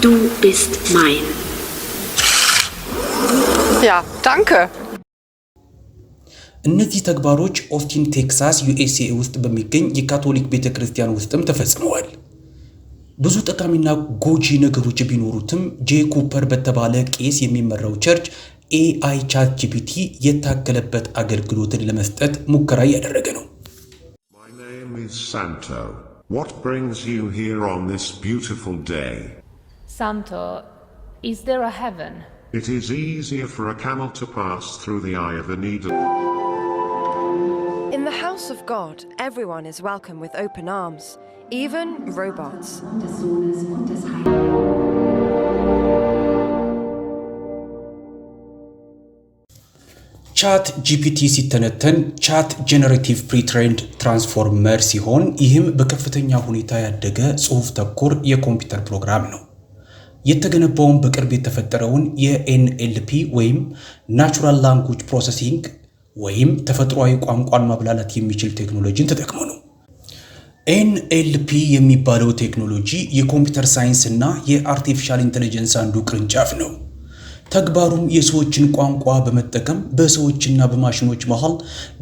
Du bist mein. Ja, danke. እነዚህ ተግባሮች ኦስቲን ቴክሳስ ዩኤስኤ ውስጥ በሚገኝ የካቶሊክ ቤተ ክርስቲያን ውስጥም ተፈጽመዋል። ብዙ ጠቃሚና ጎጂ ነገሮች ቢኖሩትም ጄ ኩፐር በተባለ ቄስ የሚመራው ቸርች ኤአይ ቻት ጂፒቲ የታከለበት አገልግሎትን ለመስጠት ሙከራ እያደረገ ነው። My name is Santo. What brings you Santo, is there a heaven? It is easier for a camel to pass through the eye of a needle. In the house of God, everyone is welcome with open arms, even robots. ቻት ጂፒቲ ሲተነተን ቻት ጄኔሬቲቭ ፕሪትሬንድ ትራንስፎርመር ሲሆን ይህም በከፍተኛ ሁኔታ ያደገ ጽሑፍ ተኮር የኮምፒውተር ፕሮግራም ነው። የተገነባውን በቅርብ የተፈጠረውን የኤንኤልፒ ወይም ናቹራል ላንጉጅ ፕሮሰሲንግ ወይም ተፈጥሯዊ ቋንቋን ማብላላት የሚችል ቴክኖሎጂን ተጠቅሞ ነው። ኤንኤልፒ የሚባለው ቴክኖሎጂ የኮምፒውተር ሳይንስ እና የአርቲፊሻል ኢንቴሊጀንስ አንዱ ቅርንጫፍ ነው። ተግባሩም የሰዎችን ቋንቋ በመጠቀም በሰዎችና በማሽኖች መሃል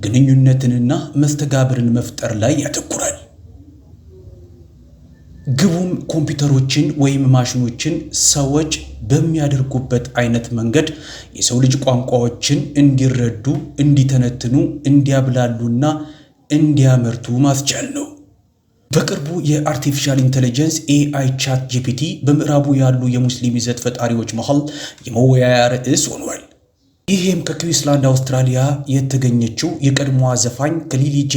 ግንኙነትንና መስተጋብርን መፍጠር ላይ ያተኩራል። ግቡም ኮምፒውተሮችን ወይም ማሽኖችን ሰዎች በሚያደርጉበት አይነት መንገድ የሰው ልጅ ቋንቋዎችን እንዲረዱ፣ እንዲተነትኑ፣ እንዲያብላሉና እንዲያመርቱ ማስቻል ነው። በቅርቡ የአርቲፊሻል ኢንቴሊጀንስ ኤአይ ቻት ጂፒቲ በምዕራቡ ያሉ የሙስሊም ይዘት ፈጣሪዎች መሃል የመወያያ ርዕስ ሆኗል። ይህም ከክዊንስላንድ አውስትራሊያ የተገኘችው የቀድሞዋ ዘፋኝ ከሊሊጄ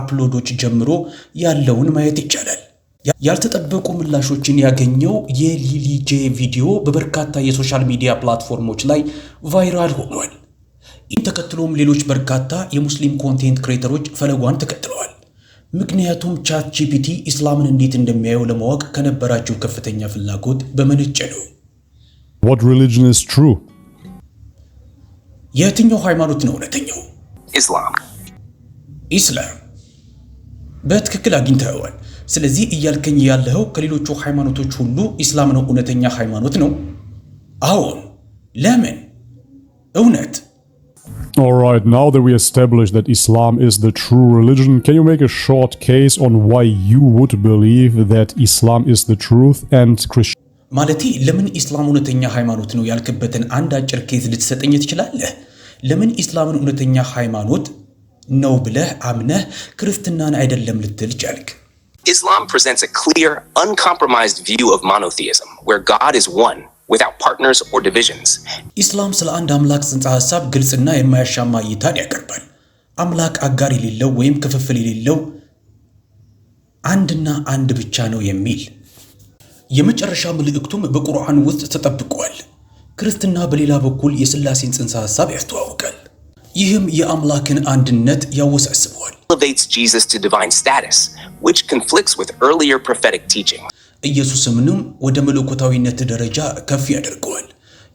አፕሎዶች ጀምሮ ያለውን ማየት ይቻላል። ያልተጠበቁ ምላሾችን ያገኘው የሊሊጄ ቪዲዮ በበርካታ የሶሻል ሚዲያ ፕላትፎርሞች ላይ ቫይራል ሆኗል። ይህን ተከትሎም ሌሎች በርካታ የሙስሊም ኮንቴንት ክሬተሮች ፈለጓን ተከትለዋል። ምክንያቱም ቻት ጂፒቲ ኢስላምን እንዴት እንደሚያየው ለማወቅ ከነበራቸው ከፍተኛ ፍላጎት በመነጨ ነው። የትኛው ሃይማኖት ነው እውነተኛው? ኢስላም። ኢስላም በትክክል አግኝተዋል። ስለዚህ እያልከኝ ያለኸው ከሌሎቹ ሃይማኖቶች ሁሉ ኢስላም ነው እውነተኛ ሃይማኖት ነው? አዎን። ለምን? እውነት All right, now that we established that Islam is the true religion, can you make a short case on why you would believe that Islam is the truth and Christian? ማለቴ ለምን ኢስላም እውነተኛ ሃይማኖት ነው ያልክበትን አንድ አጭር ኬዝ ልትሰጠኝ ትችላለህ? ለምን ኢስላምን እውነተኛ ሃይማኖት ነው ብለህ አምነህ ክርስትናን አይደለም ልትል ቻልክ? Islam presents a clear, uncompromised view of monotheism, where God is one without partners or divisions. ኢስላም ስለ አንድ አምላክ ጽንሰ ሐሳብ ግልጽና የማያሻማ እይታን ያቀርባል። አምላክ አጋር የሌለው ወይም ክፍፍል የሌለው አንድና አንድ ብቻ ነው የሚል የመጨረሻ መልእክቱም በቁርአን ውስጥ ተጠብቋል። ክርስትና በሌላ በኩል የስላሴን ጽንሰ ሐሳብ ያስተዋውቃል። ይህም የአምላክን አንድነት ያወሳስበዋል። elevates Jesus to divine status, which conflicts with earlier prophetic teaching. ኢየሱስንም ወደ መለኮታዊነት ደረጃ ከፍ ያደርገዋል።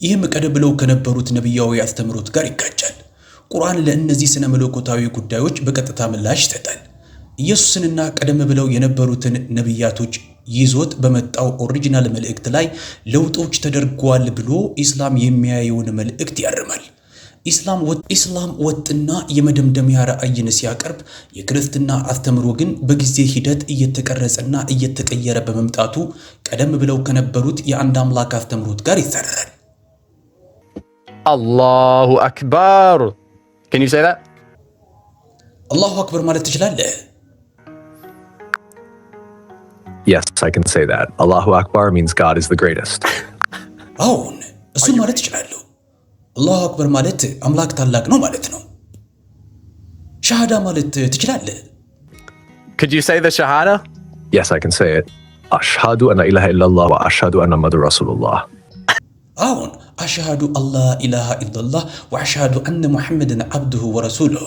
ይህም ቀደም ብለው ከነበሩት ነቢያዊ አስተምሮት ጋር ይጋጫል። ቁርአን ለእነዚህ ስነ መለኮታዊ ጉዳዮች በቀጥታ ምላሽ ይሰጣል። ኢየሱስንና ቀደም ብለው የነበሩትን ነቢያቶች ይዞት በመጣው ኦሪጂናል መልእክት ላይ ለውጦች ተደርገዋል ብሎ ኢስላም የሚያየውን መልእክት ያርማል። ኢስላም ወጥና የመደምደሚያ ራእይን ሲያቀርብ የክርስትና አስተምሮ ግን በጊዜ ሂደት እየተቀረጸና እየተቀየረ በመምጣቱ ቀደም ብለው ከነበሩት የአንድ አምላክ አስተምሮት ጋር ይጻረራል። አላሁ አክበር አላሁ አክበር ማለት ትችላለህ? አዎን፣ እሱን ማለት ትችላለህ። አላሁ አክበር ማለት አምላክ ታላቅ ነው ማለት ነው። ሻሃዳ ማለት ትችላለህ? Could you say the shahada? Yes, I can say it. አሽሃዱ አና ኢላሃ ኢላላህ ወአሽሃዱ አና ሙሐመዱን ረሱሉላህ። አሁን አሽሃዱ አላ ኢላሃ ኢላላህ ወአሽሃዱ አነ ሙሐመድን አብዱሁ ወረሱሉሁ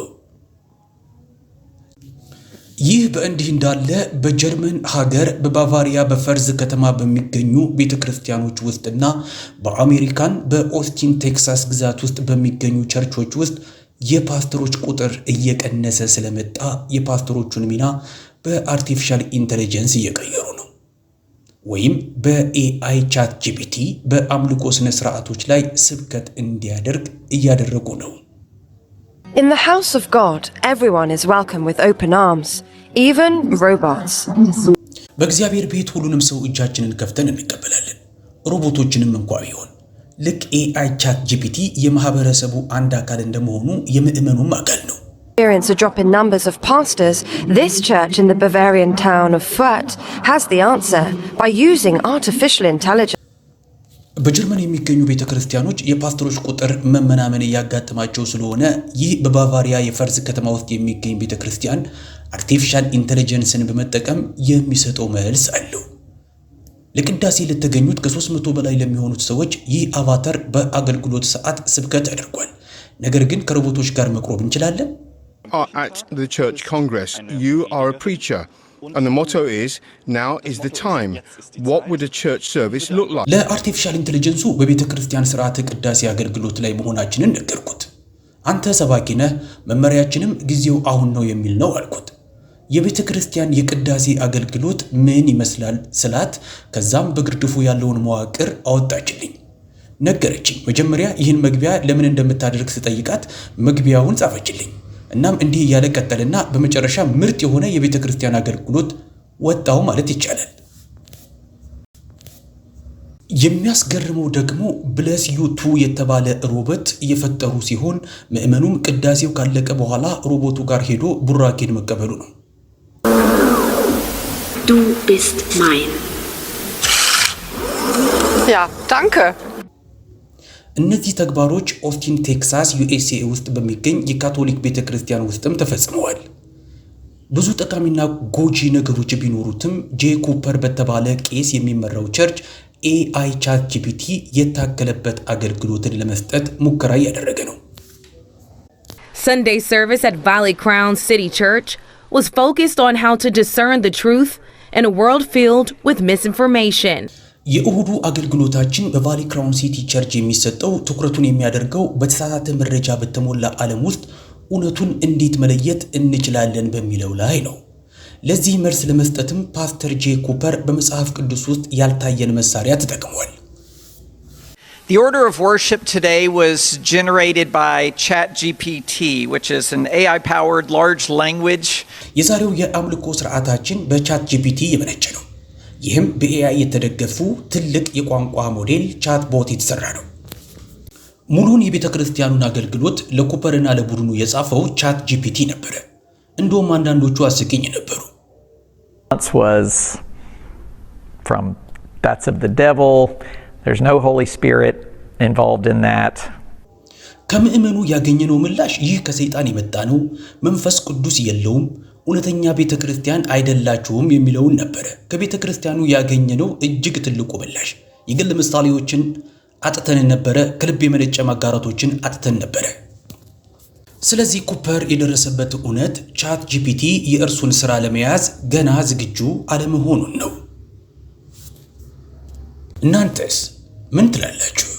ይህ በእንዲህ እንዳለ በጀርመን ሀገር በባቫሪያ በፈርዝ ከተማ በሚገኙ ቤተ ክርስቲያኖች ውስጥና በአሜሪካን በኦስቲን ቴክሳስ ግዛት ውስጥ በሚገኙ ቸርቾች ውስጥ የፓስተሮች ቁጥር እየቀነሰ ስለመጣ የፓስተሮቹን ሚና በአርቲፊሻል ኢንተለጀንስ እየቀየሩ ነው፣ ወይም በኤአይ ቻት ጂፒቲ በአምልኮ ስነ ስርዓቶች ላይ ስብከት እንዲያደርግ እያደረጉ ነው። In the house of God, everyone is welcome with open arms. ኢቨን ሮቦትስ። በእግዚአብሔር ቤት ሁሉንም ሰው እጃችንን ከፍተን እንቀበላለን፣ ሮቦቶችንም እንኳ ቢሆን። ልክ ኤአይ ቻት ጂፒቲ የማህበረሰቡ አንድ አካል እንደመሆኑ የምእመኑም አካል ነው። experience a drop in numbers of pastors, this church in the Bavarian town of Fürth has the answer by using artificial intelligence. በጀርመን የሚገኙ ቤተ ክርስቲያኖች የፓስተሮች ቁጥር መመናመን እያጋጠማቸው ስለሆነ ይህ በባቫሪያ የፈርዝ ከተማ ውስጥ የሚገኝ ቤተ ክርስቲያን አርቲፊሻል ኢንቴሊጀንስን በመጠቀም የሚሰጠው መልስ አለው። ለቅዳሴ ለተገኙት ከ300 በላይ ለሚሆኑት ሰዎች ይህ አቫተር በአገልግሎት ሰዓት ስብከት አድርጓል። ነገር ግን ከሮቦቶች ጋር መቅረብ እንችላለን? And the motto is, now is the time. What would a church service look like? ለአርቲፊሻል ኢንቴሊጀንሱ በቤተ ክርስቲያን ስርዓተ ቅዳሴ አገልግሎት ላይ መሆናችንን ነገርኩት። አንተ ሰባኪ ነህ፣ መመሪያችንም ጊዜው አሁን ነው የሚል ነው አልኩት። የቤተ ክርስቲያን የቅዳሴ አገልግሎት ምን ይመስላል ስላት፣ ከዛም በግርድፉ ያለውን መዋቅር አወጣችልኝ፣ ነገረችኝ። መጀመሪያ ይህን መግቢያ ለምን እንደምታደርግ ስጠይቃት መግቢያውን ጻፈችልኝ። እናም እንዲህ እያለ ቀጠልና በመጨረሻ ምርጥ የሆነ የቤተ ክርስቲያን አገልግሎት ወጣው ማለት ይቻላል። የሚያስገርመው ደግሞ ብለስ ቱ የተባለ ሮቦት እየፈጠሩ ሲሆን ምዕመኑም ቅዳሴው ካለቀ በኋላ ሮቦቱ ጋር ሄዶ ቡራኬን መቀበሉ ነው። ዱ ማይን ያ ዳንከ እነዚህ ተግባሮች ኦስቲን ቴክሳስ ዩኤስኤ ውስጥ በሚገኝ የካቶሊክ ቤተ ክርስቲያን ውስጥም ተፈጽመዋል። ብዙ ጠቃሚና ጎጂ ነገሮች ቢኖሩትም ጄ ኩፐር በተባለ ቄስ የሚመራው ቸርች ኤአይ ቻት ጂፒቲ የታከለበት አገልግሎትን ለመስጠት ሙከራ እያደረገ ነው። Sunday service at Valley Crown City Church was focused on how to discern the truth in a world filled with misinformation. የእሁዱ አገልግሎታችን በቫሊ ክራውን ሲቲ ቸርች የሚሰጠው ትኩረቱን የሚያደርገው በተሳሳተ መረጃ በተሞላ ዓለም ውስጥ እውነቱን እንዴት መለየት እንችላለን በሚለው ላይ ነው። ለዚህ መልስ ለመስጠትም ፓስተር ጄ ኩፐር በመጽሐፍ ቅዱስ ውስጥ ያልታየን መሳሪያ ተጠቅሟል። The order of worship today was generated by ChatGPT, which is an AI-powered large language. የዛሬው የአምልኮ ስርዓታችን በቻት ጂፒቲ የመነጨ ነው። ይህም በኤአይ የተደገፉ ትልቅ የቋንቋ ሞዴል ቻትቦት የተሰራ ነው። ሙሉውን የቤተ ክርስቲያኑን አገልግሎት ለኩፐርና ለቡድኑ የጻፈው ቻት ጂፒቲ ነበረ። እንደውም አንዳንዶቹ አስቂኝ ነበሩ። ከምዕመኑ ያገኘነው ምላሽ ይህ ከሰይጣን የመጣ ነው፣ መንፈስ ቅዱስ የለውም እውነተኛ ቤተ ክርስቲያን አይደላችሁም የሚለውን ነበረ። ከቤተ ክርስቲያኑ ያገኘነው እጅግ ትልቁ ምላሽ የግል ምሳሌዎችን አጥተን ነበረ። ከልብ የመነጨ ማጋራቶችን አጥተን ነበረ። ስለዚህ ኩፐር የደረሰበት እውነት ቻት ጂፒቲ የእርሱን ሥራ ለመያዝ ገና ዝግጁ አለመሆኑን ነው። እናንተስ ምን ትላላችሁ?